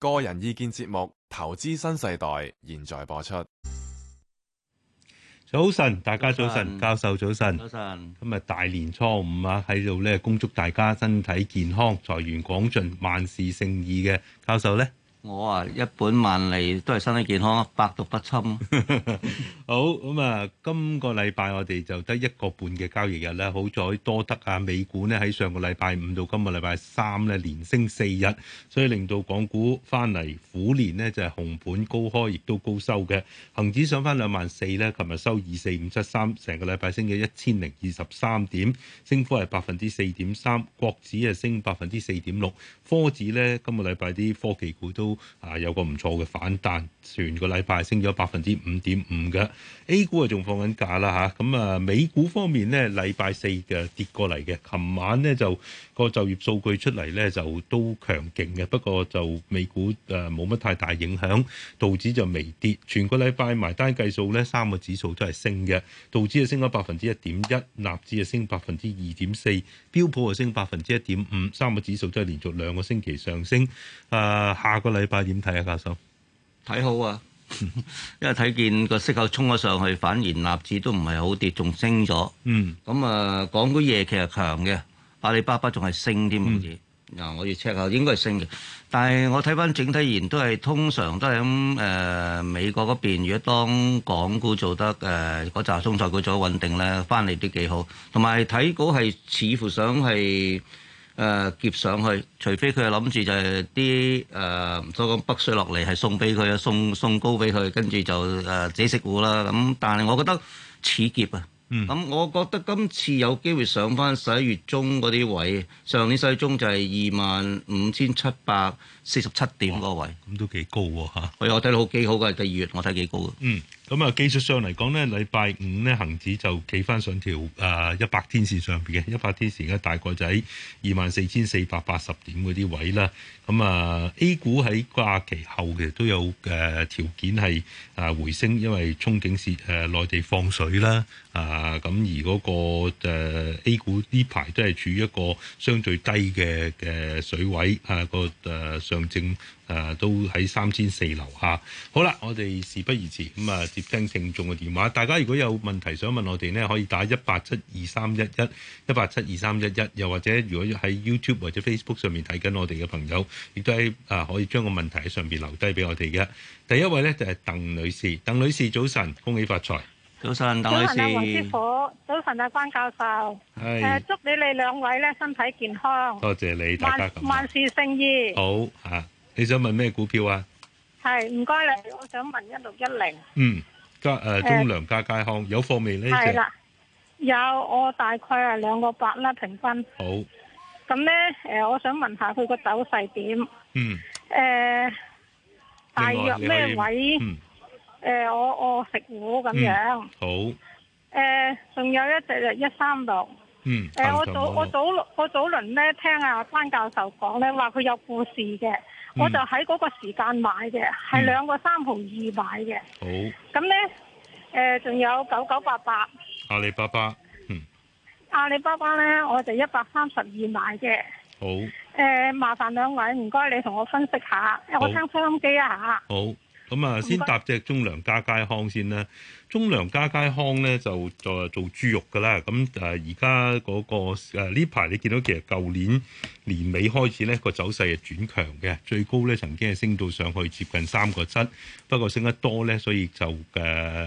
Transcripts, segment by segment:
個人意見節目《投資新世代》現在播出。早晨，大家早晨，早晨，教授早晨，早晨，今日大年初五啊，喺度咧恭祝大家身體健康、財源廣進、萬事勝意嘅教授咧。我啊，一本萬利都係身體健康，百毒不侵。 好，咁啊，今個禮拜我哋就得一個半嘅交易日啦。好彩多得啊，美股呢喺上個禮拜五到今日禮拜三呢連升四日，所以令到港股翻嚟虎年呢就係、是、紅盤高開，亦都高收嘅。恒指上翻兩萬四呢，琴日收二四五七三，成個禮拜升咗一千零二十三點，升幅係百分之四點三。國指係升百分之四點六，科指呢今個禮拜啲科技股都。啊，有個唔錯嘅反彈，全個禮拜升咗百分之五點五嘅 A 股啊，仲放緊假啦吓，咁啊美股方面呢，禮拜四嘅跌過嚟嘅，琴晚呢就個就業數據出嚟呢，就都強勁嘅，不過就美股誒冇乜太大影響，道指就微跌，全個禮拜埋單計數呢，三個指數都係升嘅，道指啊升咗百分之一點一，納指啊升百分之二點四，標普啊升百分之一點五，三個指數都係連續兩個星期上升，啊、呃、下個禮。你八點睇啊，教授？睇好啊，因為睇見個息口衝咗上去，反而納指都唔係好跌，仲升咗。嗯，咁啊，港股夜期係強嘅，阿里巴巴仲係升添。嗱，我要 check 下應該係升嘅，但係我睇翻整體而言都係通常都係咁誒美國嗰邊，如果當港股做得誒嗰扎中塞股做穩定咧，翻嚟都幾好。同埋睇股係似乎想係。誒劫、呃、上去，除非佢係諗住就係啲誒所講北水落嚟係送俾佢，送送高俾佢，跟住就誒、呃、自己食股啦。咁但係我覺得此劫啊，咁、嗯嗯、我覺得今次有機會上翻十一月中嗰啲位，上年十一月中就係二萬五千七百。四十七點嗰位，咁都幾高喎嚇！我睇到幾好嘅，第二月我睇幾高嘅。嗯，咁啊，技術上嚟講呢，禮拜五呢，恆指就企返上條誒一百天線上邊嘅，一百天線大概就喺二萬四千四百八十點嗰啲位啦。咁、嗯、啊，A 股喺瓜期後其實都有誒條件係啊回升，因為憧憬市誒內地放水啦。啊，咁而嗰個 A 股呢排都係處於一個相對低嘅嘅水位啊個誒。上證誒、呃、都喺三千四樓下。好啦，我哋事不宜遲，咁、嗯、啊接聽聽眾嘅電話。大家如果有問題想問我哋呢，可以打一八七二三一一一八七二三一一。又或者如果喺 YouTube 或者 Facebook 上面睇緊我哋嘅朋友，亦都喺啊可以將個問題喺上邊留低俾我哋嘅。第一位呢，就係、是、鄧女士，鄧女士早晨，恭喜發財。早晨，鄧老師。早晨啊，黃師傅。早晨啊，關教授。係。誒，祝你哋兩位咧身體健康。多謝你，大家咁。萬事勝意。好吓，你想問咩股票啊？係，唔該你。我想問一六一零。嗯，家誒中糧家佳康有貨未咧？係啦，有。我大概係兩個八啦，平均。好。咁咧，誒，我想問下佢個走勢點？嗯。誒，大約咩位？誒，我我食糊咁樣，好。誒，仲有一隻就一三六，嗯。誒，我早我早我早輪咧聽阿潘教授講咧話佢有故事嘅，我就喺嗰個時間買嘅，係兩個三毫二買嘅。好。咁咧，誒，仲有九九八八。阿里巴巴，嗯。阿里巴巴咧，我就一百三十二買嘅。好。誒，麻煩兩位，唔該你同我分析下，我聽收音機啊吓。好。咁啊、嗯，先答隻中糧家佳康先啦。中糧家佳康咧就就做，做豬肉噶啦，咁誒而家嗰個呢排、呃、你見到其實舊年年尾開始咧個走勢係轉強嘅，最高咧曾經係升到上去接近三個七，不過升得多咧，所以就誒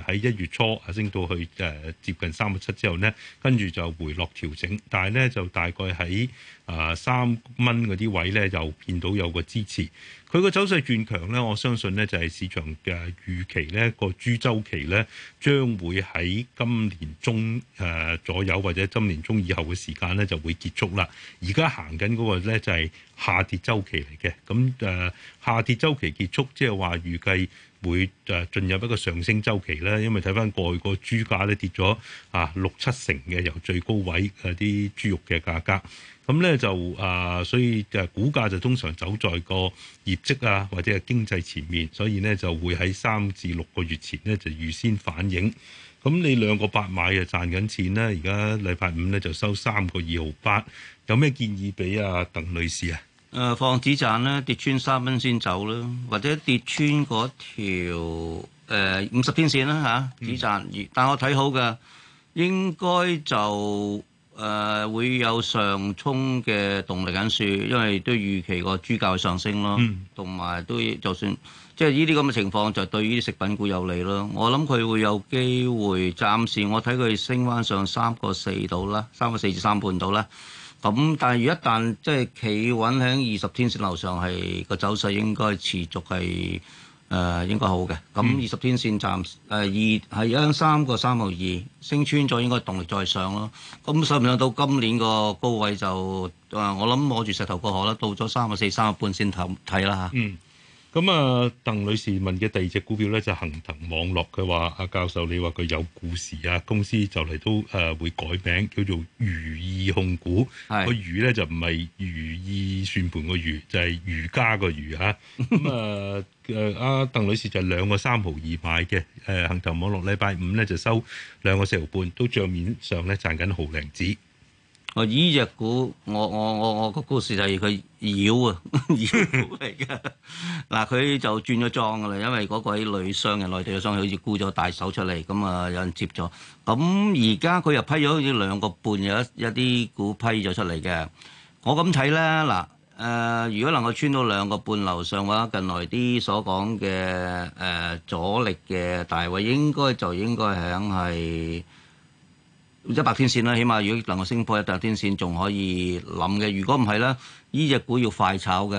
喺一月初啊升到去誒、呃、接近三個七之後咧，跟住就回落調整，但係咧就大概喺誒三蚊嗰啲位咧就見到有個支持，佢個走勢轉強咧，我相信咧就係市場嘅預期咧、嗰個豬周期咧。將會喺今年中誒、呃、左右，或者今年中以後嘅時間咧就會結束啦。而家行緊嗰個咧就係、是、下跌周期嚟嘅，咁、嗯、誒、呃、下跌周期結束，即係話預計，會就係進入一個上升周期啦，因為睇翻過去個豬價咧跌咗啊六七成嘅由最高位嗰啲豬肉嘅價格，咁咧就啊、呃、所以就股價就通常走在個業績啊或者係經濟前面，所以咧就會喺三至六個月前咧就預先反映。咁你兩個八買啊賺緊錢啦，而家禮拜五咧就收三個二毫八，有咩建議俾啊鄧女士啊？誒放、呃、止賺咧，跌穿三蚊先走啦，或者跌穿嗰條五十天線啦嚇止賺，啊嗯、但我睇好嘅，應該就誒、呃、會有上沖嘅動力緊住，因為都預期個豬價會上升咯，同埋都就算即係呢啲咁嘅情況，就對呢啲食品股有利咯。我諗佢會有機會，暫時我睇佢升翻上三個四度啦，三個四至三半度啦。咁但係，如果一旦即係企穩喺二十天線樓上，係個走勢應該持續係誒、呃，應該好嘅。咁二十天線暫時誒二係有三個三個二，呃、2, 32, 升穿咗應該動力再上咯。咁上唔上到今年個高位就誒，我諗摸住石頭過河啦。到咗三個四、三個半先睇睇啦嚇。咁啊，鄧、嗯、女士問嘅第二隻股票咧就係、恒騰網絡，佢話阿教授你話佢有故事啊，公司就嚟都誒、呃、會改名，叫做如意控股。個如咧就唔係如意算盤個如，就係、是、瑜家個如啊。咁啊誒啊，鄧、呃、女士就兩個三毫二買嘅誒恆騰網絡，禮拜五咧就收兩個四毫半，都帳面上咧賺緊毫零紙。我依隻股，我我我我個故事就係佢妖啊，妖股嚟噶。嗱，佢就轉咗莊噶啦，因為嗰個啲內商嘅內地嘅商，好似沽咗大手出嚟，咁啊有人接咗。咁而家佢又批咗好似兩個半，有一一啲股批咗出嚟嘅。我咁睇咧，嗱，誒，如果能夠穿到兩個半樓上嘅話，近來啲所講嘅誒阻力嘅大位，應該就應該響係。一百天線啦，起碼如果能夠升破一百天線，仲可以諗嘅。如果唔係咧，呢隻股要快炒嘅。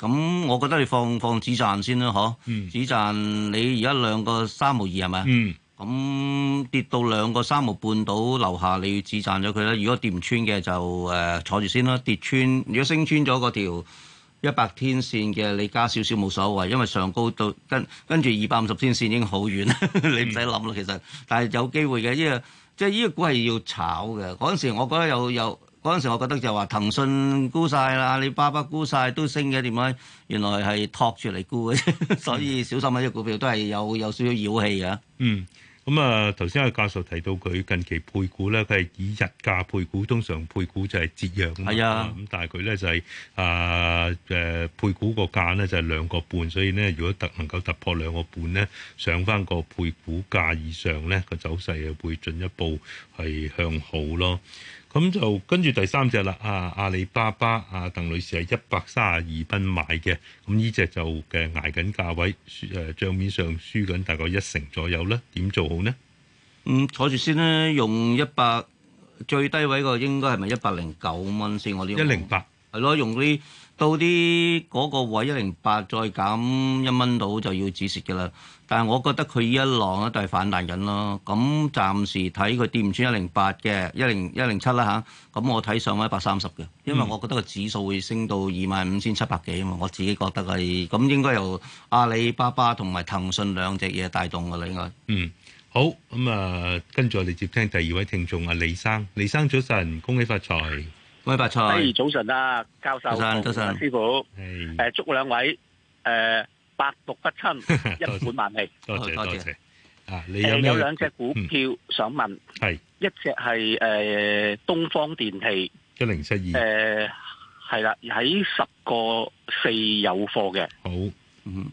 咁我覺得你放放止賺先啦，嗬、嗯。止賺你而家兩個三毫二係咪？咁、嗯、跌到兩個三毫半到樓下，你要止賺咗佢啦。如果跌唔穿嘅就誒、呃、坐住先啦。跌穿如果升穿咗嗰條一百天線嘅，你加少少冇所謂，因為上高到跟跟住二百五十天線已經好遠， 你唔使諗啦。其實，嗯、但係有機會嘅，因為即係呢個股係要炒嘅，嗰陣時我覺得有，有嗰陣時我覺得就話騰訊沽曬啦，你巴巴沽晒都升嘅點解？原來係托住嚟沽嘅， 所以小心啊！呢個股票都係有有少少妖氣啊。嗯。咁啊，頭先阿教授提到佢近期配股咧，佢係以日價配股，通常配股就係折讓㗎嘛。咁、啊、但係佢咧就係啊誒配股個價咧就係兩個半，所以咧如果突能夠突破兩個半咧，上翻個配股價以上咧，個走勢又會進一步係向好咯。咁就跟住第三隻啦，阿、啊、阿里巴巴，阿、啊、鄧女士係、嗯、一百三十二蚊買嘅，咁呢隻就嘅捱緊價位，誒、呃，帳面上輸緊大概一成左右啦。點做好呢？咁、嗯、坐住先啦，用一百最低位個應該係咪一百零九蚊先？我啲一零八係咯，用嗰啲。到啲嗰個位一零八再減一蚊到就要止蝕㗎喇。但係我覺得佢呢一浪咧都係反彈緊咯。咁暫時睇佢跌唔穿一零八嘅一零一零七啦吓，咁、啊、我睇上翻一百三十嘅，因為我覺得個指數會升到二萬五千七百幾啊嘛。我自己覺得係咁，應該由阿里巴巴同埋騰訊兩隻嘢帶動噶啦，應該。嗯，好咁啊、嗯，跟住我哋接聽第二位聽眾啊，李生，李生早晨，恭喜發財。喂白菜，hey, 早晨啦、啊，教授生，多謝、啊、師傅，誒上、呃，祝兩位誒、呃、百毒不侵，一本萬利， 多謝多謝。啊，你有、呃、有兩隻股票想問，係、嗯、一隻係誒東方電器一零七二，誒係啦，喺、呃、十個四有貨嘅，好，誒、嗯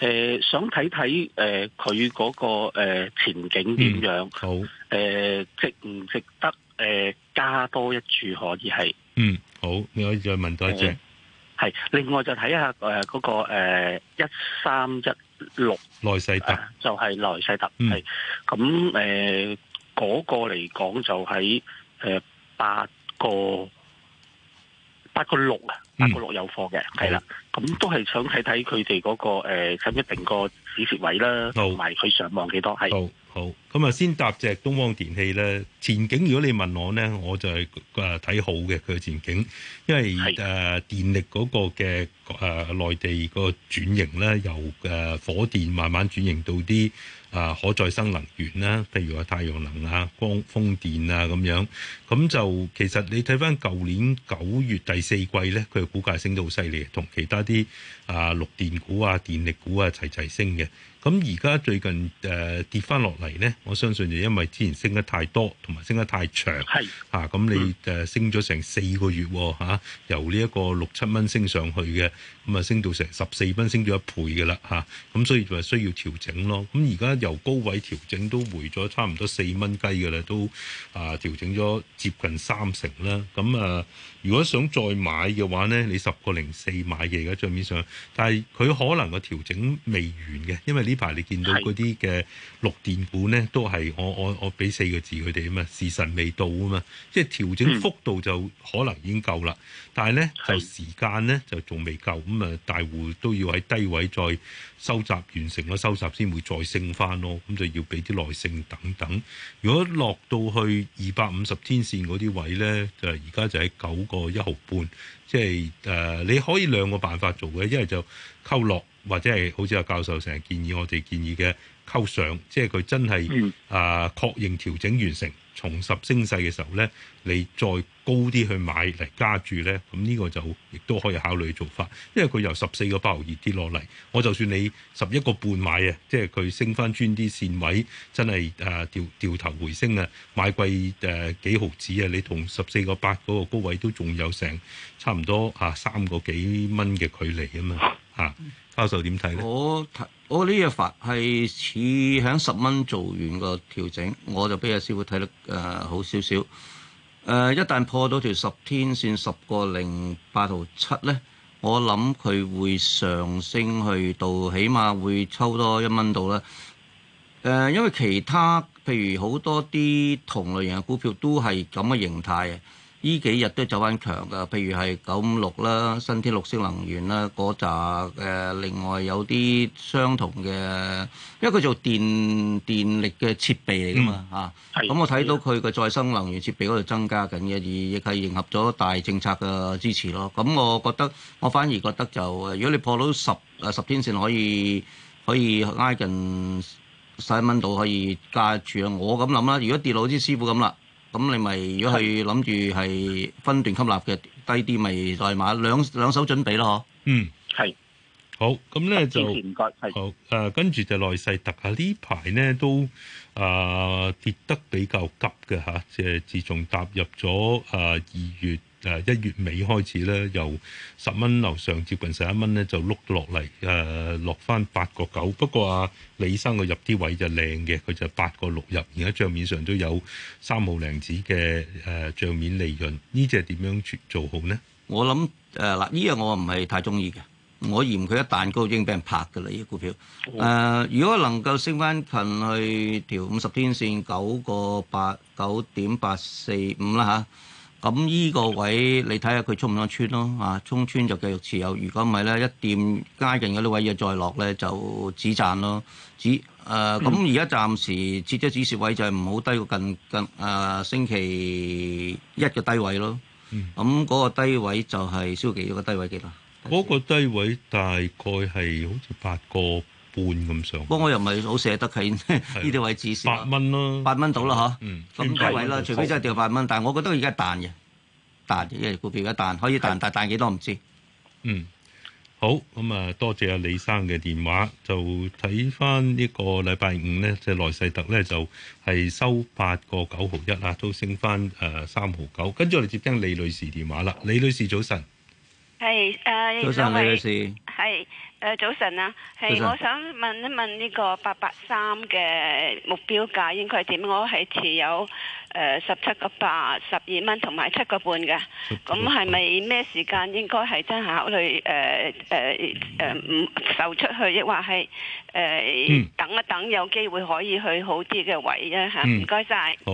呃、想睇睇誒佢嗰個誒、呃、前景點樣，好、嗯，誒、嗯呃、值唔值得誒、呃、加多一注可以係？嗯，好，你可以再問多一隻。係，另外就睇下誒，嗰個誒一三一六耐世特，就係耐世特，係咁誒嗰個嚟講就喺誒八個八個六啊，八個六有貨嘅，係啦，咁都係想睇睇佢哋嗰個誒，使唔使定個止蝕位啦？同埋佢上望幾多？係好。咁啊，先搭隻東方電器咧，前景如果你問我咧，我就係誒睇好嘅佢嘅前景，因為誒電力嗰個嘅誒內地個轉型咧，由誒火電慢慢轉型到啲啊可再生能源啦，譬如話太陽能啊、光風電啊咁樣，咁就其實你睇翻舊年九月第四季咧，佢嘅股價升到好犀利，同其他啲啊綠電股啊、電力股啊齊齊升嘅，咁而家最近誒、呃、跌翻落嚟咧。我相信就因為之前升得太多，同埋升得太長，嚇咁是、啊、你誒升咗成四個月喎、啊、由呢一個六七蚊升上去嘅，咁啊升到成十四蚊，升咗一倍嘅啦嚇，咁、啊、所以就係需要調整咯。咁而家由高位調整都回咗差唔多四蚊雞嘅啦，都啊調整咗接近三成啦。咁啊，如果想再買嘅話咧，你十個零四買嘅而家帳面上，但係佢可能個調整未完嘅，因為呢排你見到嗰啲嘅綠電股咧。都係我我我俾四個字佢哋啊嘛，時辰未到啊嘛，即係調整幅度就可能已經夠啦。嗯、但係咧就時間咧就仲未夠，咁啊大戶都要喺低位再收集完成啦，收集先會再升翻咯。咁就要俾啲耐性等等。如果落到去二百五十天線嗰啲位咧，就而家就喺九個一毫半，即係誒你可以兩個辦法做嘅，一係就溝落。或者係好似阿教授成日建議我哋建議嘅溝上，即係佢真係、嗯、啊確認調整完成、重拾升勢嘅時候咧，你再高啲去買嚟加注咧，咁、嗯、呢、這個就亦都可以考慮做法。因為佢由十四個八毫二跌落嚟，我就算你十一個半買啊，即係佢升翻轉啲線位，真係啊調調頭回升啊，買貴誒、啊、幾毫子啊，你同十四個八嗰個高位都仲有成差唔多啊三個幾蚊嘅距離啊嘛，嚇、嗯！教授點睇咧？我睇我呢一法係似喺十蚊做完個調整，我就俾阿師傅睇得誒、呃、好少少。誒、呃、一旦破到條十天線十個零八號七咧，我諗佢會上升去到起碼會抽多一蚊度啦。誒、呃，因為其他譬如好多啲同類型嘅股票都係咁嘅形態嘅。呢幾日都走翻強噶，譬如係九五六啦、新天綠色能源啦，嗰扎誒，另外有啲相同嘅，因為佢做電電力嘅設備嚟噶嘛嚇，咁我睇到佢個再生能源設備嗰度增加緊嘅，而亦係迎合咗大政策嘅支持咯。咁、嗯、我覺得，我反而覺得就，如果你破到十誒、啊、十天線可以可以挨近細蚊度可以加住啊，我咁諗啦。如果跌落好似師傅咁啦。咁你咪如果係諗住係分段吸納嘅，低啲咪再買兩兩手準備咯嗬？嗯，係。好，咁咧就好。誒、呃，跟住就內勢特下呢排咧都誒、呃、跌得比較急嘅嚇，即係自從踏入咗誒二月。誒一、uh, 月尾開始咧，由十蚊樓上接近十一蚊咧，就碌落嚟誒落翻八個九。不過啊，李生佢入啲位就靚嘅，佢就八個六入，而家帳面上都有三毫零紙嘅誒帳面利潤。呢隻點樣做做好呢？我諗誒嗱，呢、呃、樣、這個、我唔係太中意嘅。我嫌佢一彈高已經俾人拍㗎喇，呢、這個、股票誒、呃。如果能夠升翻近去調五十天線九個八九點八四五啦嚇。9. 8, 9. 8 45, 啊咁依個位，你睇下佢衝唔得穿咯，啊，衝穿就繼續持有；如果唔係咧，一跌加近嗰啲位又再落咧，就止賺咯，止。誒、呃，咁、嗯、而家暫時設咗止蝕位就係唔好低過近近誒、呃、星期一嘅低位咯。咁嗰、嗯嗯嗰個低位就係消期，一、嗰個低位嘅啦。嗰個低位大概係好似八個。半咁上，不過我又唔係好捨得佢呢啲位置先。八蚊咯，八蚊到啦吓。嗯，咁高位啦，除非真係掉八蚊，但係我覺得而家彈嘅，彈嘅，因為股票而家彈，可以彈，但係彈幾多唔知。嗯，好，咁啊，多謝阿李生嘅電話，就睇翻呢個禮拜五咧，即係內勢特咧就係收八個九毫一啊，都升翻誒三毫九，跟住我哋接聽李女士電話啦。李女士早晨，係誒，早晨李女士。誒早晨啊，係上我想問一問呢個八八三嘅目標價應該係點？我係持有誒十七個八十二蚊同埋七個半嘅，咁係咪咩時間應該係真係考慮誒誒誒唔售出去，亦或係誒、呃嗯、等一等有機會可以去好啲嘅位咧、啊、嚇？唔該晒。好。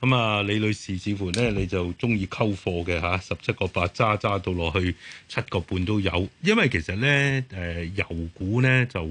咁啊，李、嗯、女士，似乎咧你就中意溝貨嘅吓，十七個八揸揸到落去七個半都有，因為其實咧誒、呃、油股咧就誒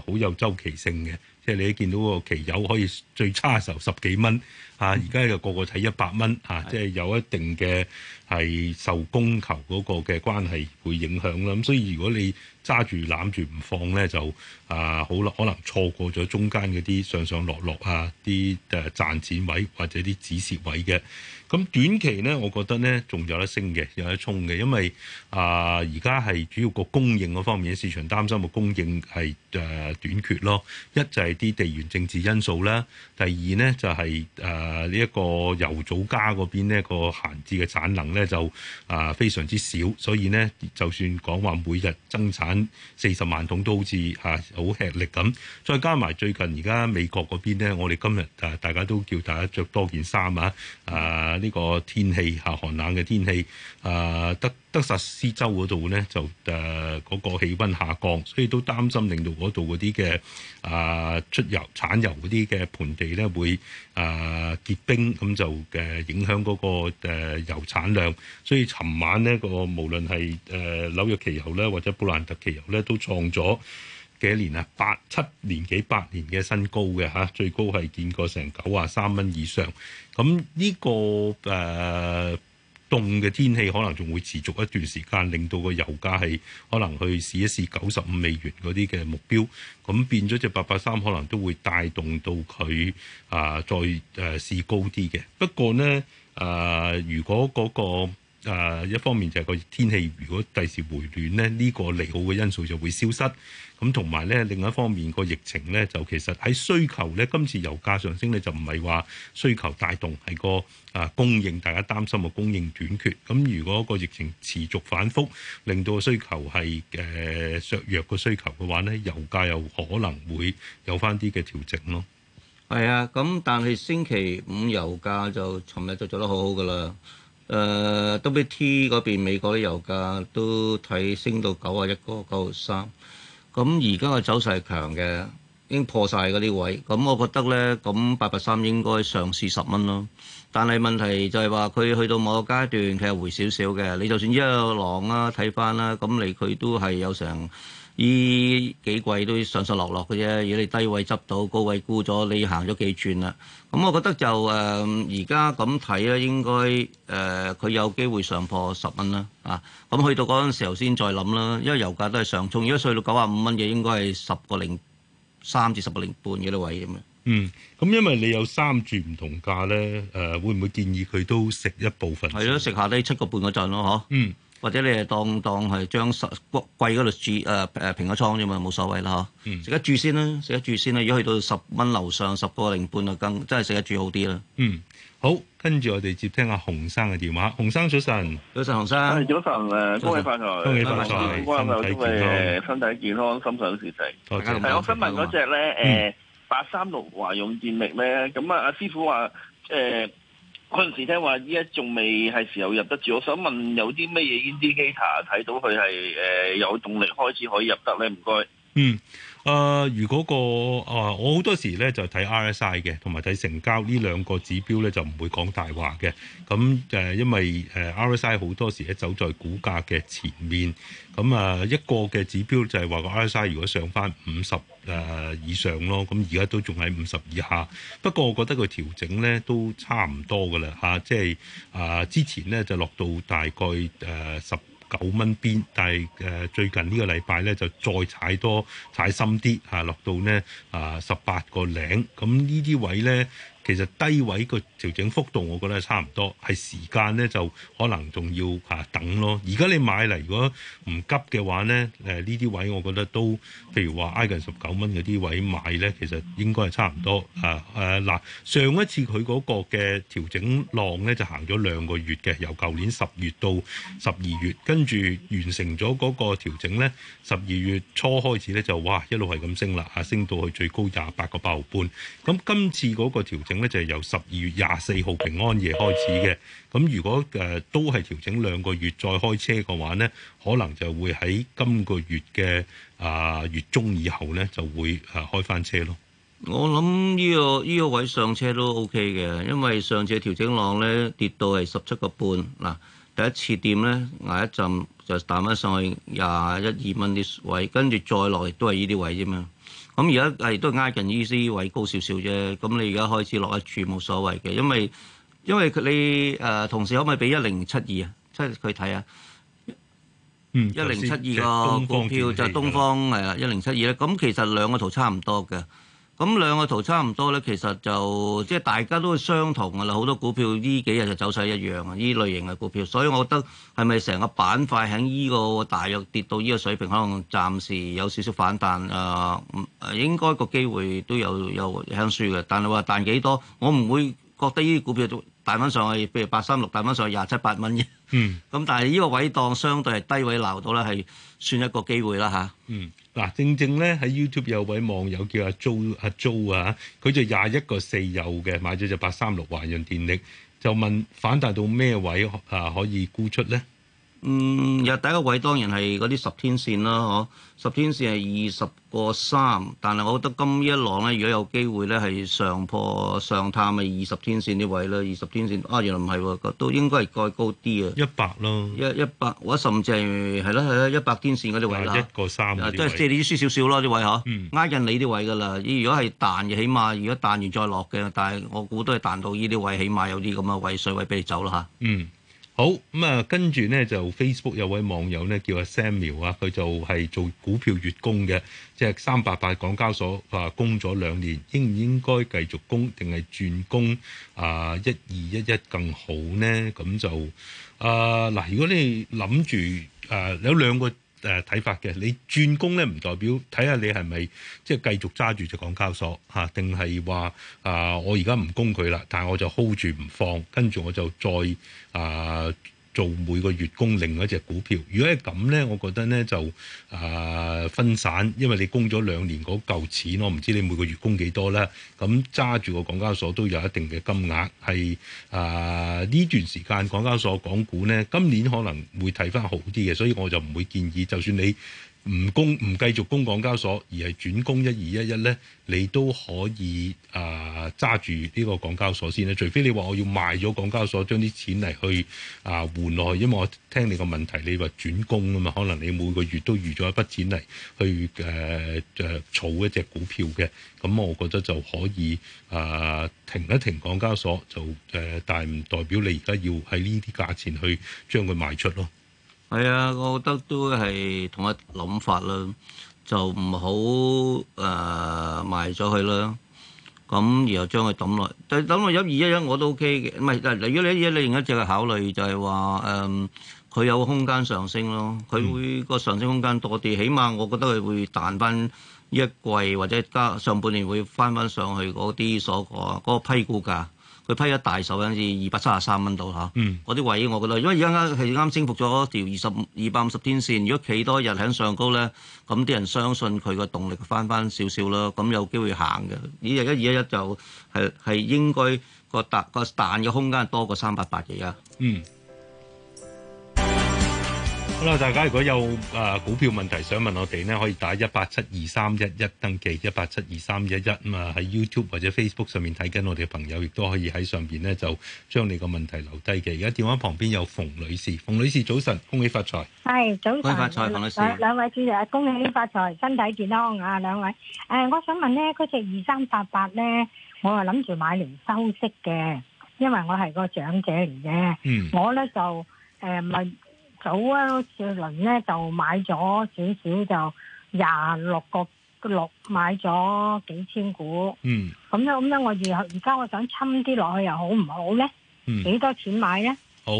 好、呃、有周期性嘅，即係你一見到個期油可以最差嘅時候十幾蚊。啊！而家就個個睇一百蚊，啊係，即係有一定嘅係受供求嗰個嘅關係會影響啦。咁所以如果你揸住攬住唔放咧，就啊，好啦，可能錯過咗中間嗰啲上上落落啊，啲誒賺錢位或者啲止蝕位嘅。咁短期咧，我覺得咧仲有得升嘅，有得衝嘅，因為啊，而家係主要個供應嗰方面市場擔心個供應係誒短缺咯。一就係啲地緣政治因素啦，第二咧就係、係、誒。呃啊！呢、這、一個油早家嗰邊呢個閒置嘅產能呢就啊非常之少，所以呢就算講話每日增產四十萬桶都好似嚇好吃力咁。再加埋最近而家美國嗰邊咧，我哋今日啊大家都叫大家着多件衫啊！啊呢、這個天氣嚇寒冷嘅天氣啊得。德薩斯州嗰度咧，就誒嗰、呃嗰個氣温下降，所以都擔心令到嗰度嗰啲嘅啊出油產油嗰啲嘅盆地咧會啊、呃、結冰，咁就誒、呃、影響嗰、嗰個、呃、油產量。所以尋晚呢、嗰個無論係誒、呃、紐約期油咧，或者布蘭特期油咧，都創咗幾年啊八七年幾八年嘅新高嘅嚇、啊，最高係見過成九啊三蚊以上。咁呢、呢個誒。呃凍嘅天氣可能仲會持續一段時間，令到個油價係可能去試一試九十五美元嗰啲嘅目標，咁變咗隻八八三可能都會帶動到佢啊再誒試高啲嘅。不過呢，誒、呃、如果嗰、那個、呃、一方面就係個天氣，如果第時回暖呢，呢、這個利好嘅因素就會消失。咁同埋咧，另一方面，個疫情咧，就其實喺需求咧。今次油價上升咧，就唔係話需求帶動，係個啊供應大家擔心嘅供應短缺。咁、啊、如果個疫情持續反覆，令到個需求係誒、呃、削弱個需求嘅話咧，油價又可能會有翻啲嘅調整咯。係啊，咁但係星期五油價就尋日就做得好好噶啦。誒、呃、W T 嗰邊美國啲油價都睇升到九啊一個九十三。咁而家嘅走勢係強嘅，已經破晒嗰啲位。咁我覺得咧，咁八百三應該上試十蚊咯。但係問題就係話佢去到某個階段，佢係回少少嘅。你就算一浪啊，睇翻啦，咁你佢都係有成。依幾季都上上落落嘅啫，如果你低位執到，高位沽咗，你行咗幾轉啦。咁、嗯、我覺得就誒而家咁睇咧，應該誒佢、呃、有機會上破十蚊啦。啊，咁、嗯、去到嗰陣時候先再諗啦。因為油價都係上衝，如果去到九十五蚊嘅，應該係十個零三至十個零半嘅呢位咁樣、嗯。嗯，咁因為你有三轉唔同價咧，誒、呃、會唔會建議佢都食一部分？係咯，食下低七個半嗰陣咯，嗬、啊。嗯。或者你係當當係將十貴嗰度住誒誒平咗倉啫嘛，冇所謂啦嗬。食得住先啦，食得住先啦。如果去到十蚊樓上十個零半啊，更真係食得住好啲啦。嗯，好，跟住我哋接聽阿洪生嘅電話。洪生早晨，早晨洪生。早晨誒，恭喜發財，恭喜發財，恭喜發財，祝你誒身體健康，心想事成。係，我新問嗰隻咧誒八三六華潤電力咧，咁啊阿師傅話誒。嗰陣時聽話，依家仲未係時候入得住。我想問有啲乜嘢 indicator 睇到佢係誒有動力開始可以入得呢？唔該。嗯。誒、呃，如果個誒、呃，我好多時咧就睇 RSI 嘅，同埋睇成交呢兩個指標咧，就唔會講大話嘅。咁誒、呃，因為誒 RSI 好多時咧走在股價嘅前面。咁啊、呃，一個嘅指標就係話個 RSI 如果上返五十誒以上咯，咁而家都仲喺五十以下。不過我覺得個調整咧都差唔多㗎喇吓，即係啊、呃、之前咧就落到大概誒十。呃九蚊邊，但係誒最近個呢個禮拜咧就再踩多踩深啲嚇、啊，落到呢啊十八個零，咁、啊、呢啲位咧。其實低位個調整幅度，我覺得係差唔多，係時間咧就可能仲要嚇等咯。而家你買嚟，如果唔急嘅話咧，誒呢啲位我覺得都，譬如話挨近十九蚊嗰啲位買咧，其實應該係差唔多。誒誒嗱，上一次佢嗰個嘅調整浪咧，就行咗兩個月嘅，由舊年十月到十二月，跟住完成咗嗰個調整咧，十二月初開始咧就哇一路係咁升啦，嚇升到去最高廿八個八毫半。咁今次嗰個調整，咧就係由十二月廿四號平安夜開始嘅，咁如果誒、呃、都係調整兩個月再開車嘅話咧，可能就會喺今個月嘅啊、呃、月中以後咧就會啊、呃、開翻車咯。我諗呢、呢個呢、呢個位上車都 OK 嘅，因為上次調整浪咧跌到係十七個半嗱，第一次點咧，捱一陣就彈翻上去廿一二蚊啲位，跟住再落嚟都係依啲位啫嘛。咁而家係都係挨近呢啲位高少少啫，咁你而家開始落一注冇所謂嘅，因為因為你誒同事可唔可以俾一零七二啊？即係佢睇下，嗯，一零七二個股票就係東方係啦，一零七二咧，咁其實兩個圖差唔多嘅。咁兩個圖差唔多咧，其實就即係大家都相同噶啦，好多股票呢幾日就走勢一樣啊，呢類型嘅股票，所以我覺得係咪成個板塊喺呢個大約跌到呢個水平，可能暫時有少少反彈啊、呃，應該個機會都有有向輸嘅，但係話彈幾多，我唔會覺得呢啲股票彈返上去，譬如八三六彈返上去廿七八蚊啫，咁、嗯、但係呢個位檔相對係低位鬧到咧，係算一個機會啦嚇。啊嗯嗱，正正咧喺 YouTube 有位網友叫阿 Jo 阿 Jo 啊，佢就廿一個四有嘅買咗隻八三六華潤電力，就問反彈到咩位啊可以沽出咧？嗯，入第一個位當然係嗰啲十天線啦，嗬、啊！十天線係二十個三，但係我覺得今一浪咧，如果有機會咧係上破上探咪二十天線啲位啦。二十天線啊原來唔係喎，都應該係蓋高啲了啊！一百咯，一一百，或者甚至係係咯係咯，一百天線嗰啲位啦，一個三，即係借你啲輸少少咯啲位嗬，呃緊、嗯、你啲位㗎啦。如果係彈嘅，起碼如果彈完再落嘅，但係我估都係彈到呢啲位，起碼有啲咁嘅位水位俾你走啦嚇。啊、嗯。好咁啊，跟住咧就 Facebook 有位網友咧叫阿 Samuel 啊，佢就係做股票月供嘅，即係三八八港交所啊，供咗兩年，應唔應該繼續供定係轉供啊？一二一一更好呢？咁就啊嗱，如果你諗住啊有兩個。誒睇法嘅，你轉工咧唔代表，睇下你係咪即係繼續揸住隻港交所嚇，定係話啊我而家唔供佢啦，但係我就 hold 住唔放，跟住我就再啊。呃做每個月供另一隻股票，如果係咁呢，我覺得呢就啊、呃、分散，因為你供咗兩年嗰嚿錢，我唔知你每個月供幾多咧，咁、嗯、揸住個港交所都有一定嘅金額，係啊呢段時間港交所港股呢，今年可能會睇翻好啲嘅，所以我就唔會建議，就算你，唔供唔繼續供港交所，而係轉供一二一一呢，你都可以啊揸住呢個港交所先咧。除非你話我要賣咗港交所，將啲錢嚟去啊換落去。因為我聽你個問題，你話轉供啊嘛，可能你每個月都預咗一筆錢嚟去誒誒儲一隻股票嘅。咁、嗯、我覺得就可以啊、呃、停一停港交所就誒、呃，但係唔代表你而家要喺呢啲價錢去將佢賣出咯。係啊，我覺得都係同一諗法啦，就唔好誒賣咗佢啦。咁、呃、然後將佢抌落，但係抌落一二一一我都 OK 嘅，唔係。但係如果你一一另一隻嘅考慮，就係話誒，佢有空間上升咯，佢會個上升空間多啲。嗯、起碼我覺得佢會彈翻一季或者加上半年會翻翻上去嗰啲所講嗰個批估價。佢批一大手，好似二百七十三蚊度。嚇、嗯，我啲位我覺得，因為而家啱係啱征服咗條二十二百五十天線，如果企多日喺上高咧，咁啲人相信佢個動力翻翻少少啦，咁有機會行嘅，呢日一二一一就係、係、係應該個,個彈個彈嘅空間多過三百八嘅而家。嗯好啦，大家如果有啊股票問題想問我哋咧，可以打一八七二三一一登記，一八七二三一一。咁啊喺 YouTube 或者 Facebook 上面睇緊我哋嘅朋友，亦都可以喺上邊咧就將你個問題留低嘅。而家電話旁邊有馮女士，馮女士早晨，恭喜發財！係早晨，恭喜發財，馮女士。兩位主持人，恭喜發財，身體健康啊！兩位，誒，我想問咧，嗰隻二三八八咧，我係諗住買嚟收息嘅，因為我係個長者嚟嘅。嗯，我咧就誒唔係。早啊，上輪咧就買咗少少，就廿六個六買咗幾千股。嗯，咁咧咁咧，我而家我想侵啲落去又好唔好咧？嗯，幾多錢買咧？好。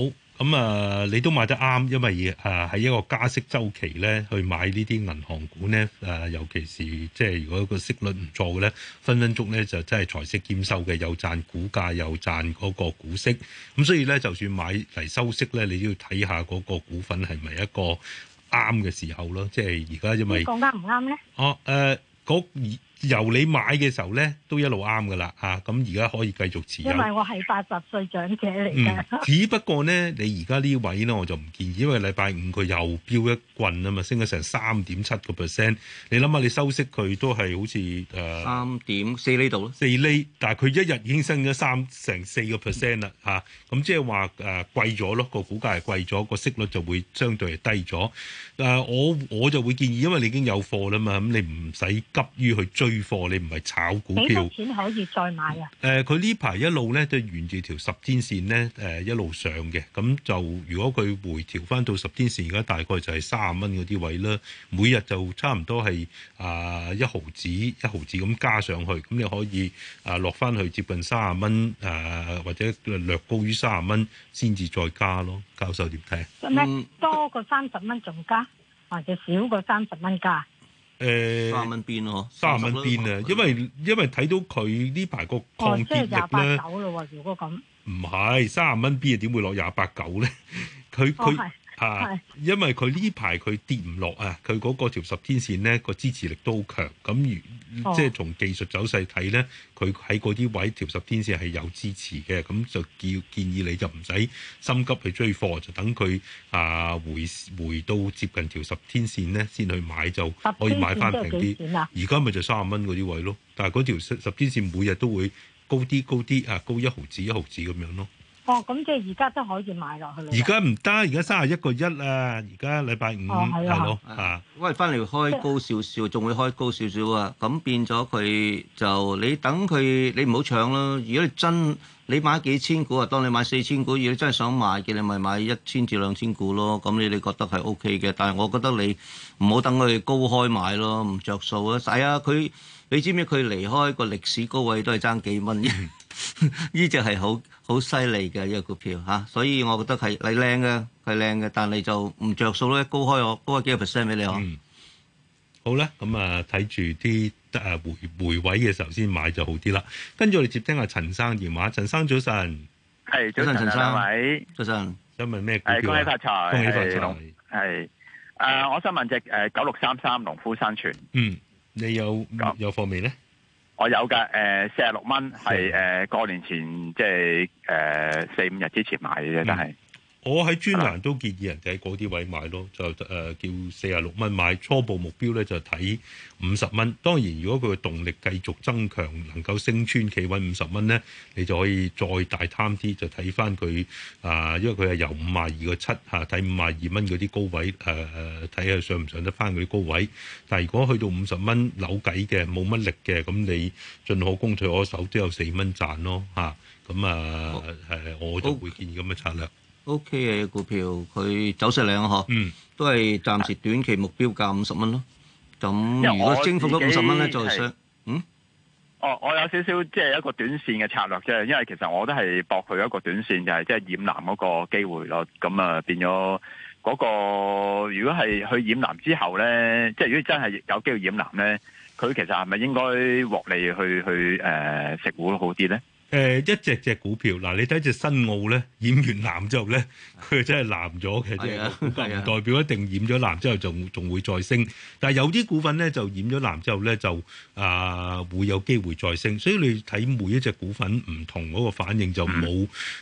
咁啊、嗯，你都買得啱，因為啊喺一個加息周期咧，去買呢啲銀行股咧，誒、啊、尤其是即係如果個息率唔錯嘅咧，分分鐘咧就真係財息兼收嘅，又賺股價又賺嗰個股息。咁、嗯、所以咧，就算買嚟收息咧，你都要睇下嗰個股份係咪一個啱嘅時候咯。即係而家因為講得唔啱咧？哦，誒二、啊。呃由你買嘅時候咧，都一路啱嘅啦嚇。咁而家可以繼續持有。因為我係八十歲長者嚟嘅。只不過呢，你而家呢位呢，我就唔建議，因為禮拜五佢又飆一棍啊嘛，升咗成三點七個 percent。你諗下，你收息佢都係好似誒三點四釐度咯，四、呃、釐。但係佢一日已經升咗三成四個 percent 啦嚇。咁、嗯啊、即係話誒貴咗咯，個股價係貴咗，個息率就會相對係低咗。誒、呃，我我就會建議，因為你已經有貨啦嘛，咁你唔使急於去追。預貨你唔係炒股票，幾多錢可以再買啊？誒、呃，佢呢排一路咧都沿住條十天線咧，誒、呃、一路上嘅，咁就如果佢回調翻到十天線，而家大概就係卅蚊嗰啲位啦。每日就差唔多係啊、呃、一毫子一毫子咁加上去，咁你可以啊、呃、落翻去接近卅蚊，誒或者略高於卅蚊，先至再加咯。教授點睇？咁多過三十蚊仲加，或者少過三十蚊加？誒三十蚊邊咯，三十蚊邊啊！因為因為睇到佢呢排個抗跌力咧，如果咁唔係三十蚊邊啊？點會攞廿八九咧？佢佢。Uh, 是啊，因為佢呢排佢跌唔落啊，佢嗰個條十天線咧個支持力都好強，咁如、哦、即係從技術走勢睇咧，佢喺嗰啲位條十天線係有支持嘅，咁就建建議你就唔使心急去追貨，就等佢啊回回到接近條十天線咧先去買就可以買翻平啲。而家咪就卅蚊嗰啲位咯，但係嗰條十十天線每日都會高啲高啲啊，高一毫子一毫子咁樣咯。哦，咁即係而家都可以買落去。而家唔得，而家三十一個一啊！而家禮拜五，係咯啊！啊喂，翻嚟開高少少，仲、啊、會開高少少啊！咁變咗佢就你等佢，你唔好搶啦。如果你真你買幾千股啊，當你買四千股。如果你真係想買嘅，你咪買一千至兩千股咯。咁你你覺得係 OK 嘅，但係我覺得你唔好等佢高開買咯，唔着數啊！係啊，佢你知唔知佢離開個歷史高位都係爭幾蚊？ 呢隻係好好犀利嘅一個股票吓，所以我覺得係你靚嘅，佢靚嘅，但係你就唔着數咯。高開我高開幾個 percent 俾你嗬。嗯，好啦，咁啊睇住啲誒回回位嘅時候先買就好啲啦。跟住我哋接聽阿陳生電話，陳生早晨，係早晨陳生，喂，陳生想問咩股票？恭喜發財，恭喜發財。係誒，我想問隻誒九六三三農夫山泉。嗯，你有有方面咧？我有嘅誒四十六蚊係誒過年前，即係誒四五日之前買嘅，但係。我喺專欄都建議人哋喺嗰啲位買咯，就誒、呃、叫四十六蚊買，初步目標咧就睇五十蚊。當然，如果佢嘅動力繼續增強，能夠升穿企穩五十蚊咧，你就可以再大貪啲，就睇翻佢啊，因為佢係由五十二個七嚇睇五十二蚊嗰啲高位誒，睇、啊、下上唔上得翻嗰啲高位。但係如果去到五十蚊扭計嘅，冇乜力嘅，咁你進可攻退我、啊啊好，我手，都有四蚊賺咯嚇。咁啊誒，我都會建議咁嘅策略。OK 嘅股票，佢走勢兩嗬，都係暫時短期目標價五十蚊咯。咁如果征服咗五十蚊咧，就嗯，哦，我有少少即係一個短線嘅策略啫。因為其實我都係搏佢一個短線，就係即係染藍嗰個機會咯。咁啊，變咗嗰個如果係去染藍之後咧，即係如果真係有機會染藍咧，佢其實係咪應該獲利去去誒食糊好啲咧？誒一隻隻股票，嗱你睇一隻新澳咧，染完藍之後咧，佢真係藍咗嘅，即唔 代表一定染咗藍之後就仲會再升。但係有啲股份咧就染咗藍之後咧就啊會有機會再升，所以你睇每一隻股份唔同嗰個反應就冇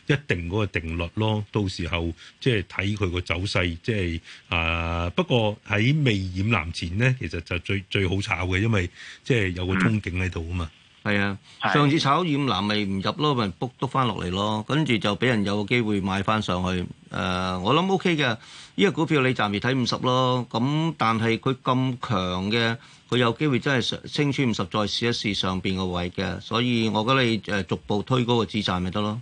一定嗰個定律咯。嗯、到時候即係睇佢個走勢，即、就、係、是、啊，不過喺未染藍前咧，其實就最最好炒嘅，因為即係有個憧憬喺度啊嘛。嗯嗯。係啊，的上次炒染藍咪唔入咯，咪 book 篤翻落嚟咯，跟住就俾人有個機會買翻上去。誒、呃，我諗 O K 嘅，呢、這個股票你暫時睇五十咯。咁但係佢咁強嘅，佢有機會真係升穿五十再試一試上邊個位嘅。所以我覺得你誒逐步推高個止賺咪得咯。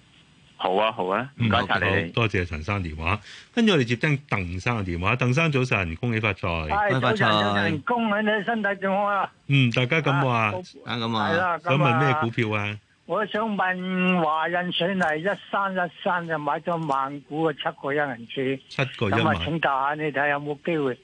好啊好啊，唔該晒你，多謝陳生電話。跟住我哋接聽鄧生嘅電話，鄧生早晨，恭喜發財、哎，早晨，早晨，恭喜你身體健康啊！嗯，大家咁話，咁啊，麼啊想問咩股票啊？我想問華潤水泥，一三一三就買咗萬股個七個一銀紙，七個一萬，咁啊，請教下你睇下有冇機會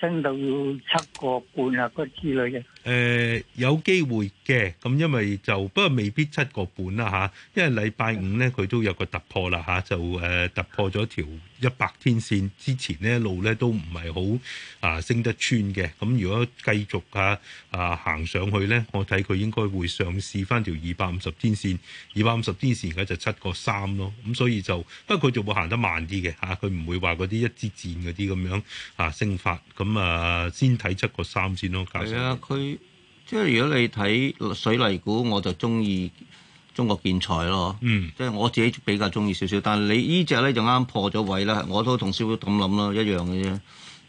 升到七個半啊，嗰之類嘅。誒、呃、有機會嘅，咁因為就不過未必七個半啦嚇，啊，因為禮拜五咧佢都有個突破啦嚇，啊，就誒、啊、突破咗條一百天線之前咧路咧都唔係好啊升得穿嘅，咁、啊、如果繼續啊啊行上去咧，我睇佢應該會上試翻條二百五十天線，二百五十天線而家就七個三咯，咁、啊、所以就不過佢就會行得慢啲嘅嚇，佢、啊、唔會話嗰啲一支箭嗰啲咁樣啊升法，咁啊先睇七個三先咯。係啊，佢。 即係如果你睇水泥股，我就中意中國建材咯。嗯、即係我自己比較中意少少，但係你依隻咧就啱破咗位啦。我都同師傅咁諗咯，一樣嘅啫。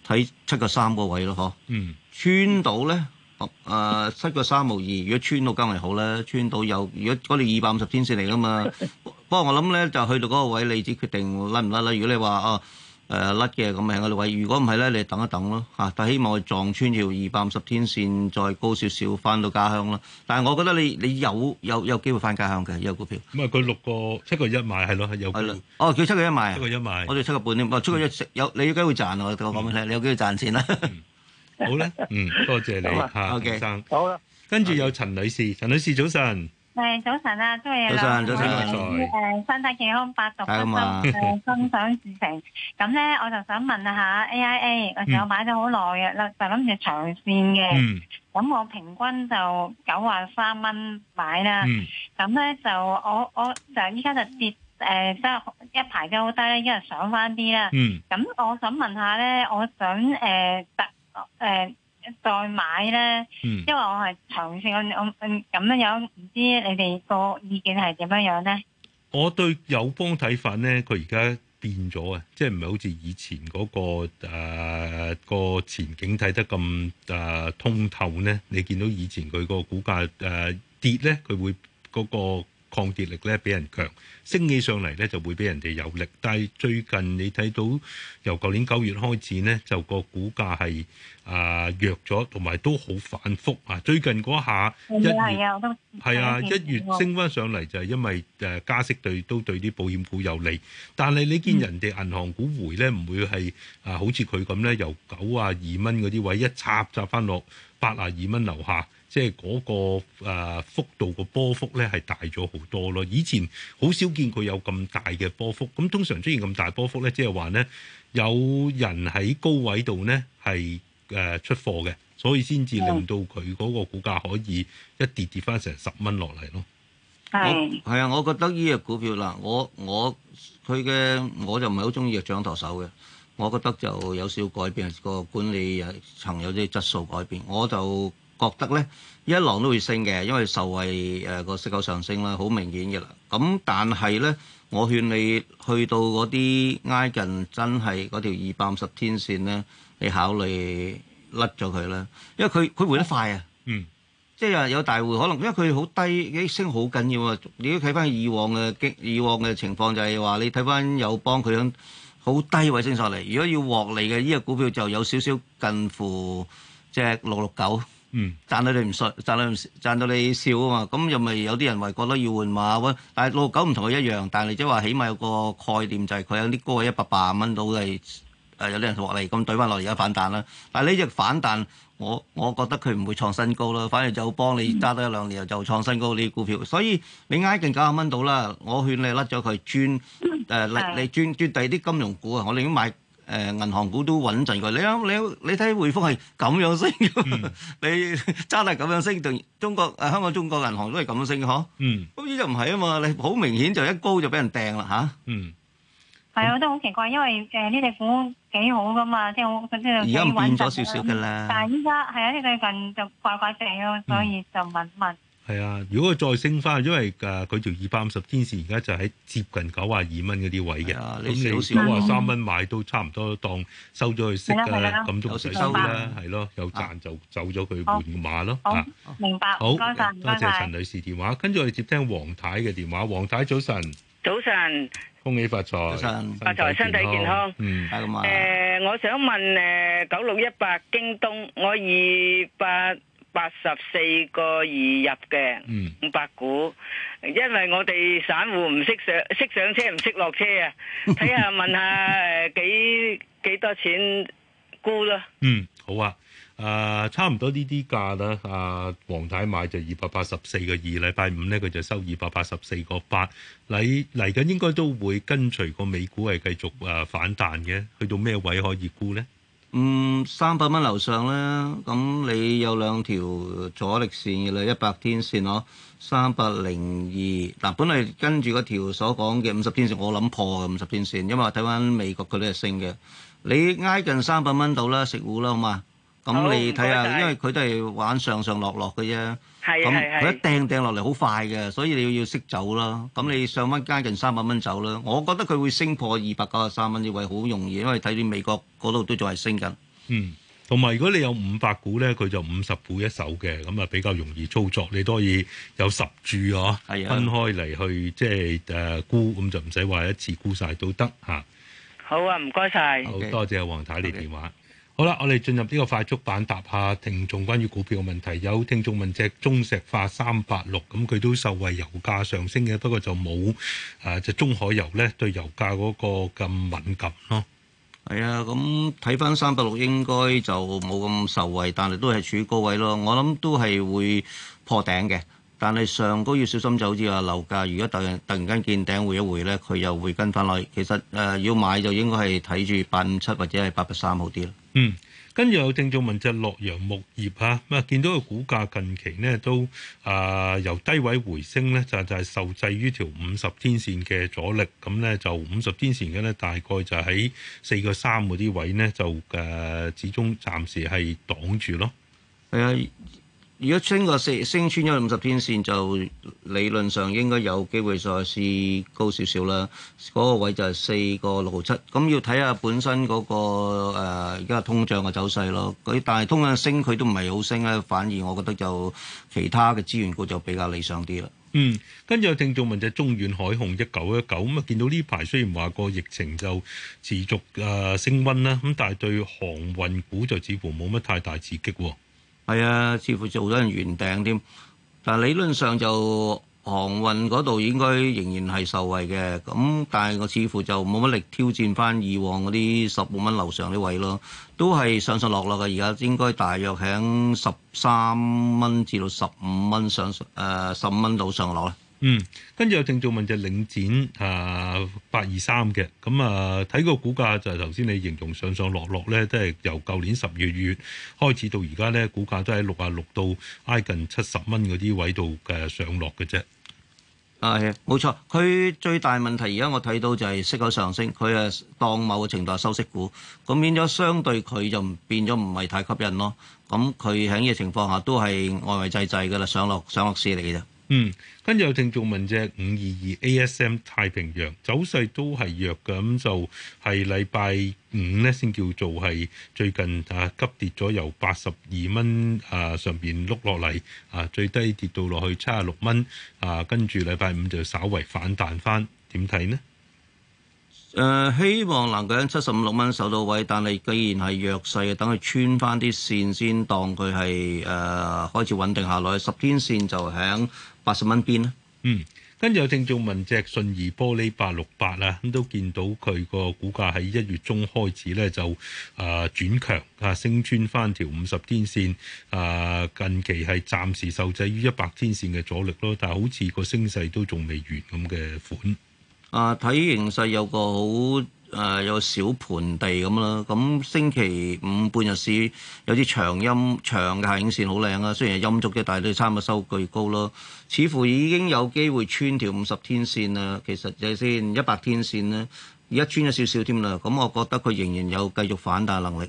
睇七個三個位咯，嗬、嗯。穿到咧，誒、呃、七個三無二，如果穿到交咪好啦。穿到又，如果嗰二百五十天線嚟噶嘛 不。不過我諗咧，就去到嗰個位，你隻決定甩唔甩啦。如果你話啊。誒、呃、甩嘅咁樣六位，如果唔係咧，你等一等咯嚇。但希望佢撞穿條二百五十天線，再高少少翻到家鄉咯。但係我覺得你你有有有機會翻家鄉嘅有股票。咁啊、嗯，佢六個七個一買係咯，有。係哦，叫七個一買七個一買。買我哋七個半添。七個一有，你有機會賺、嗯、我講俾你聽，你有機會賺錢啦、啊嗯。好啦，嗯，多謝你嚇，先生 吧。好啦。跟住有陳女士，陳女士早晨。嗯係早晨啊，中午啊，早晨早晨，唔該晒。誒，身體健康百毒唔侵，誒心想事成，咁咧我就想問下 AIA，我就買咗好耐嘅啦，就諗住長線嘅。咁我平均就九十三蚊買啦，咁咧就我我就依家就跌誒即係一排都好低咧，依家上返啲啦。咁我想問下咧，我想誒答誒。再買咧，因為我係長線，我我咁樣樣，唔知你哋個意見係點樣樣咧？我對友邦睇法咧，佢而家變咗啊，即係唔係好似以前嗰個誒個前景睇得咁誒、呃、通透咧？你見到以前佢個股價誒、呃、跌咧，佢會嗰個抗跌力咧比人強，升起上嚟咧就會比人哋有力。但係最近你睇到由舊年九月開始呢，就個股價係啊弱咗，同埋都好反覆啊！最近嗰下一，係、嗯嗯、啊，一月升翻上嚟就係因為誒加息對都對啲保險股有利，但係你見人哋銀行股回咧唔會係啊好似佢咁咧由九啊二蚊嗰啲位一插就翻落，八啊二蚊樓下，即係嗰個誒、呃、幅度個波幅咧係大咗好多咯。以前好少見佢有咁大嘅波幅，咁通常出現咁大波幅咧，即係話咧有人喺高位度咧係誒出貨嘅，所以先至令到佢嗰個股價可以一跌跌翻成十蚊落嚟咯。係係啊，我覺得呢隻股票啦，我我佢嘅我就唔係好中意掌舵手嘅。我覺得就有少改變個管理層有啲質素改變，我就覺得咧，一浪都會升嘅，因為受惠誒個息口上升啦，好明顯嘅啦。咁但係咧，我勸你去到嗰啲挨近真係嗰條二百五十天線咧，你考慮甩咗佢啦，因為佢佢回得快啊。嗯。即係話有大回可能，因為佢好低，升好緊要啊！你都睇翻以往嘅激，以往嘅情況就係話，你睇翻友邦佢響。好低位升上嚟，如果要獲利嘅呢隻股票就有少少近乎，即係六六九，賺、嗯、到你唔信，賺到賺到你笑啊嘛，咁又咪有啲人話覺得要換馬，但係六六九唔同佢一樣，但係你即係話起碼有個概念就係佢有啲高位一百八蚊到嘅，誒、呃、有啲人獲利，咁對翻落嚟而家反彈啦，但係呢隻反彈。我我覺得佢唔會創新高啦，反而就幫你揸多一兩年又就創新高啲股票，所以你挨近九十蚊到啦，我勸你甩咗佢，轉誒嚟嚟轉轉第啲金融股啊，我寧願買誒、呃、銀行股都穩陣佢。你諗你你睇匯豐係咁樣升,、嗯、 樣升，你揸得咁樣升，同中國誒、啊、香港中國銀行都係咁樣升呵？嗯，咁呢就唔係啊嘛，你好明顯就一高就俾人掟啦嚇。啊、嗯。係啊，我都好奇怪，因為誒呢隻股幾好噶嘛，即係我佢知道。而家唔變咗少少噶啦。但係依家係啊，呢最近就怪怪哋啊，所以就問問。係啊，如果佢再升翻，因為誒佢條二百五十天線而家就喺接近九十二蚊嗰啲位嘅。咁你有時九十三蚊買都差唔多當收咗佢息嘅啦，咁都抵收啦，係咯，有賺就走咗佢換碼咯。好，明白。好，唔該晒，多謝陳女士電話。跟住我哋接聽黃太嘅電話。黃太，早晨。早晨。恭喜發財，發財身體健康。嗯，誒，我想問誒，九六一八，京東，我二百八十四個二入嘅，五百股，因為我哋散戶唔識上，識上車唔識落車啊，睇下問下誒幾幾多錢沽咯。嗯，好啊。誒、啊、差唔多呢啲價啦。阿、啊、黃太，太買就二百八十四個二，禮拜五咧佢就收二百八十四個八。嚟嚟緊應該都會跟隨個美股係繼續誒、啊、反彈嘅。去到咩位可以沽呢？嗯，三百蚊樓上啦。咁你有兩條阻力線嘅啦，一百天線嗬，三百零二嗱。本來跟住嗰條所講嘅五十天線，我諗破五十天線，因為我睇翻美國佢都係升嘅。你挨近三百蚊度啦，食糊啦，好嘛？咁你睇下，謝謝因為佢都係玩上上落落嘅啫。係啊，佢一掟掟落嚟好快嘅，所以你要要識走啦。咁你上翻加近三百蚊走啦。我覺得佢會升破二百九十三蚊，呢位好容易，因為睇到美國嗰度都仲係升緊。嗯，同埋如果你有五百股咧，佢就五十股一手嘅，咁啊比較容易操作。你都可以有十注啊，分、啊、開嚟去即係誒沽，咁就唔使話一次沽晒都得嚇。啊好啊，唔該晒。好多謝黃太嘅電話。好啦，我哋進入呢個快速版答下聽眾關於股票嘅問題。有聽眾問隻中石化三八六，咁佢都受惠油價上升嘅，不過就冇誒，隻、啊、中海油咧對油價嗰個咁敏感咯。係啊，咁睇翻三八六，應該就冇咁受惠，但係都係處高位咯。我諗都係會破頂嘅，但係上高要小心就好似話樓價，樓價如果突然突然間見頂回一回咧，佢又會跟翻落。其實誒、呃，要買就應該係睇住八五七或者係八八三好啲啦。嗯，跟住有聽眾問隻洛陽木業啊，咁啊見到個股價近期呢都啊、呃、由低位回升咧，就就是、係受制於條五十天線嘅阻力，咁咧就五十天線嘅咧大概就喺四個三嗰啲位咧就誒、呃、始終暫時係擋住咯。係啊、嗯。嗯。如果升個升穿咗五十天線，就理論上應該有機會再試高少少啦。嗰、那個位就係四個六七，咁要睇下本身嗰、那個而家、呃、通脹嘅走勢咯。佢但係通脹升，佢都唔係好升咧，反而我覺得就其他嘅資源股就比較理想啲啦。嗯，跟住有聽眾問就係中遠海控一九一九，咁啊見到呢排雖然話個疫情就持續誒升溫啦，咁但係對航運股就似乎冇乜太大刺激喎。係啊，似乎做咗人圓頂添，但係理論上就航運嗰度應該仍然係受惠嘅，咁但係我似乎就冇乜力挑戰翻以往嗰啲十五蚊樓上啲位咯，都係上上落落嘅，而家應該大約喺十三蚊至到十五蚊上誒十五蚊到上落啦。嗯，跟住有正做問就領展啊，八二三嘅，咁啊睇個股價就係頭先你形容上上落落咧，都係由舊年十月月開始到而家咧，股價都喺六啊六到挨近七十蚊嗰啲位度嘅上落嘅啫。係，冇錯。佢最大問題而家我睇到就係息口上升，佢啊當某個程度係收息股，咁變咗相對佢就變咗唔係太吸引咯。咁佢喺呢個情況下都係外圍制制嘅啦，上落上落市嚟嘅啫。嗯，跟住有聽眾問隻五二二 ASM 太平洋走勢都係弱嘅，咁就係禮拜五呢先叫做係最近啊急跌咗，由八十二蚊啊上邊碌落嚟，啊最低跌到落去七十六蚊啊，跟住禮拜五就稍為反彈翻，點睇呢？誒、呃，希望能夠喺七十五六蚊守到位，但係既然係弱勢，等佢穿翻啲線先，當佢係誒開始穩定下來，十天線就喺，八十蚊邊啦，嗯，跟住有聽眾問隻信義玻璃八六八啦，咁都見到佢個股價喺一月中開始咧就啊轉強啊，升穿翻條五十天線啊，近期係暫時受制於一百天線嘅阻力咯，但係好似個升勢都仲未完咁嘅款。啊，睇形勢有個好。誒有小盆地咁啦，咁星期五半日市有啲長陰長嘅下影線好靚啊，雖然係陰燭啫，但係都差唔多收據高咯。似乎已經有機會穿條五十天線啦，其實睇先一百天線咧，而家穿咗少少添啦。咁我覺得佢仍然有繼續反彈能力。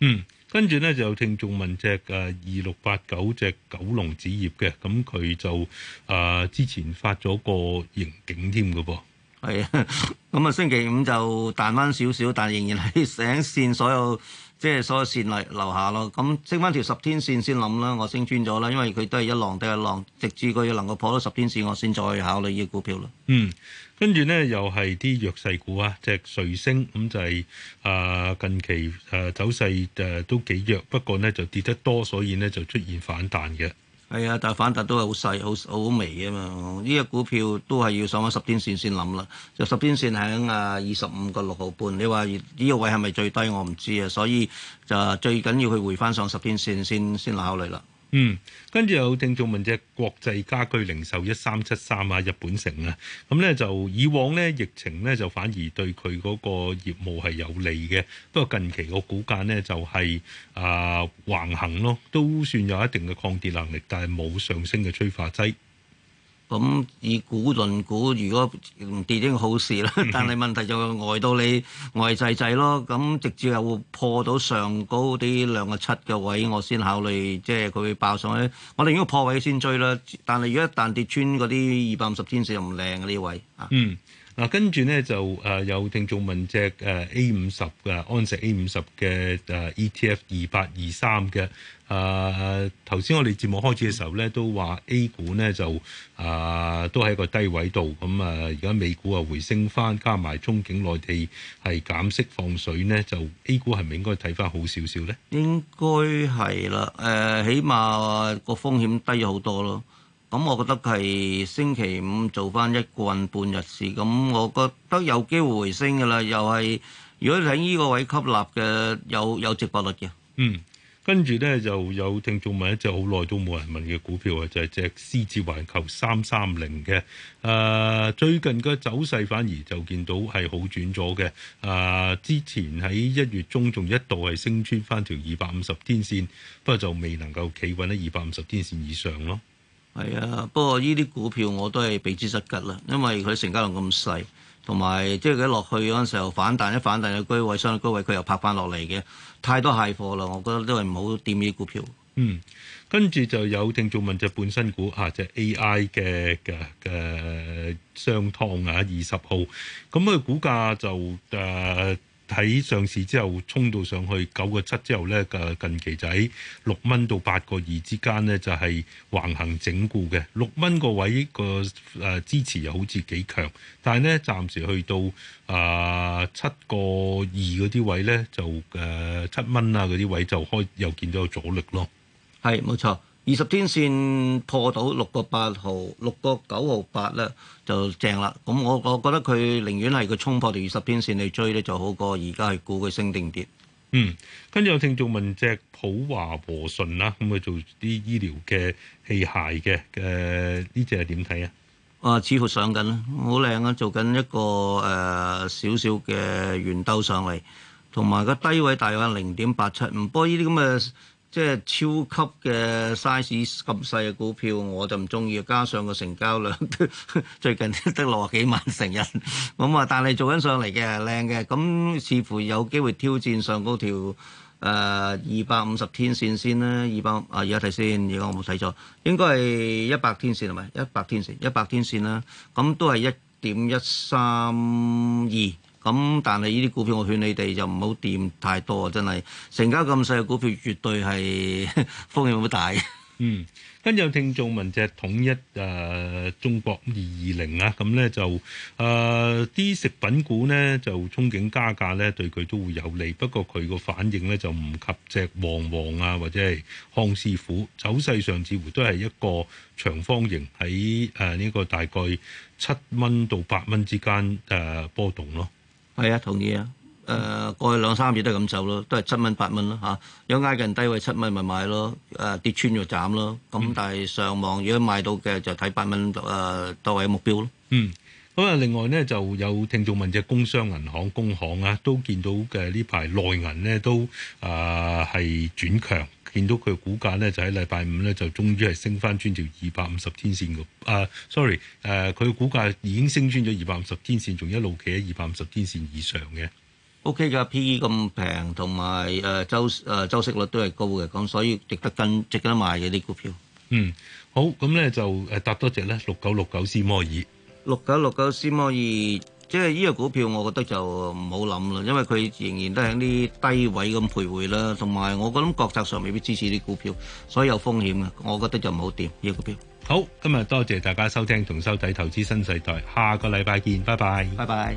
嗯，跟住咧就有聽眾問隻誒二六八九隻玖龍紙業嘅，咁佢就誒、啊、之前發咗個盈警添㗎噃。係啊，咁啊星期五就彈翻少少，但仍然係醒線所有，即係所有線嚟留下咯。咁升翻條十天線先諗啦，我升穿咗啦，因為佢都係一浪跌一浪，直至佢能夠破到十天線，我先再考慮呢個股票咯。嗯，跟住呢又係啲弱勢股啊，即係瑞星咁就係呃近期呃走勢誒都幾弱，不過呢就跌得多，所以呢就出現反彈嘅。係啊、哎，但係反彈都係好細、好好微啊嘛。呢、呢個股票都係要上咗十天線先諗啦。就十天線喺啊二十五個六號半。你話呢個位係咪最低？我唔知啊。所以就最緊要去回翻上十天線先先考慮啦。嗯，跟住有聽眾問隻國際家居零售一三七三啊，日本城啊，咁、嗯、咧就以往咧疫情咧就反而對佢嗰個業務係有利嘅，不過近期個股價咧就係、是、啊、呃、橫行咯，都算有一定嘅抗跌能力，但係冇上升嘅催化劑。咁、嗯、以股論股，如果唔跌已經好事啦。但係問題就呆到你呆滯滯咯。咁直至又破到上高啲兩個七嘅位，我先考慮即係佢爆上去。我哋應該破位先追啦。但係如果一旦跌穿嗰啲二百五十天線又唔靚嘅呢位，嗯，嗱、嗯啊，跟住咧就誒、呃、有聽眾問隻誒、啊、A 五十嘅安石 A 五十嘅誒 ETF 二八二三嘅。誒頭先我哋節目開始嘅時候咧，都話 A 股咧就誒、啊、都喺一個低位度，咁誒而家美股啊回升翻，加埋憧憬內地係減息放水咧，就 A 股係咪應該睇翻好少少咧？應該係啦，誒、呃、起碼個風險低咗好多咯。咁我覺得係星期五做翻一棍半日市，咁我覺得有機會回升嘅啦。又係如果喺呢個位吸納嘅，有有值博率嘅，嗯。跟住咧，就有聽眾問一隻好耐都冇人問嘅股票啊，就係、是、隻獅子環球三三零嘅。誒、呃，最近嘅走勢反而就見到係好轉咗嘅。誒、呃，之前喺一月中仲一度係升穿翻條二百五十天線，不過就未能夠企穩喺二百五十天線以上咯。係啊，不過呢啲股票我都係避之則吉啦，因為佢成交量咁細。同埋即係佢落去嗰陣時候反彈，一反彈嘅高位上高位，佢又拍翻落嚟嘅，太多蟹貨啦！我覺得都係唔好掂呢啲股票。嗯，跟住就有聽眾問隻半新股嚇、啊，就 A I 嘅嘅嘅商湯啊，二十號，咁佢股價就誒。Uh, 喺上市之後衝到上去九個七之後咧，誒近期就喺六蚊到八個二之間咧，就係橫行整固嘅。六蚊個位個誒支持又好似幾強，但係咧暫時去到誒七個二嗰啲位咧，就誒七蚊啊嗰啲位就開又見到阻力咯。係，冇錯。二十天線破到六個八毫、六個九毫八咧就正啦。咁我我覺得佢寧願係佢衝破條二十天線嚟追咧就好過而家係估佢升定跌。嗯，跟住有聽眾問隻普華和順啦，咁佢做啲醫療嘅器械嘅，誒呢隻係點睇啊？啊，似乎上緊啦，好靚啊，做緊一個誒少少嘅圓兜上嚟，同埋個低位大約零點八七。唔不過呢啲咁嘅。即係超級嘅 size 咁細嘅股票，我就唔中意。加上個成交量最近得六十幾萬成日，咁啊，但係做緊上嚟嘅，靚嘅。咁似乎有機會挑戰上嗰條誒二百五十天線先啦。二百啊，而家睇先。而家我冇睇錯，應該係一百天線係咪？一百天線，一百天線啦。咁都係一點一三二。咁但係呢啲股票，我勸你哋就唔好掂太多。真係成交咁細嘅股票，絕對係 風險好大嗯著著、呃20，啊。嗯，跟住有聽眾問隻統一誒中國二二零啊，咁咧就誒啲食品股呢，就憧憬加價咧，對佢都會有利。不過佢個反應咧就唔及隻旺旺啊，或者係康師傅，走勢上似乎都係一個長方形喺誒呢個大概七蚊到八蚊之間誒、呃、波動咯。係啊，同意啊！誒、呃、過去兩三月都係咁走咯，都係七蚊八蚊咯嚇。如果挨近低位七蚊咪買咯，誒、啊、跌穿咗斬咯。咁、啊嗯、但係上望，如果買到嘅就睇八蚊誒作為目標咯。嗯，咁啊，另外咧就有聽眾問隻工商銀行、工行啊，都見到嘅呢排內銀咧都啊係、呃、轉強。見到佢股價咧，就喺禮拜五咧，就終於係升返穿條二百五十天線嘅。啊、uh，sorry，誒，佢股價已經升穿咗二百五十天線，仲一路企喺二百五十天線以上嘅。O K，㗎 P E 咁平，同埋誒周誒、呃、周息率都係高嘅，咁所以值得跟，值得買嘅啲股票。嗯，好，咁咧就誒答多隻咧六九六九思摩爾，六九六九思摩爾。即係呢個股票，我覺得就唔好諗啦，因為佢仍然都喺啲低位咁徘徊啦，同埋我覺得國策上未必支持啲股票，所以有風險嘅，我覺得就唔好掂呢個股票。好，今日多謝大家收聽同收睇《投資新世代》，下個禮拜見，拜拜。拜拜。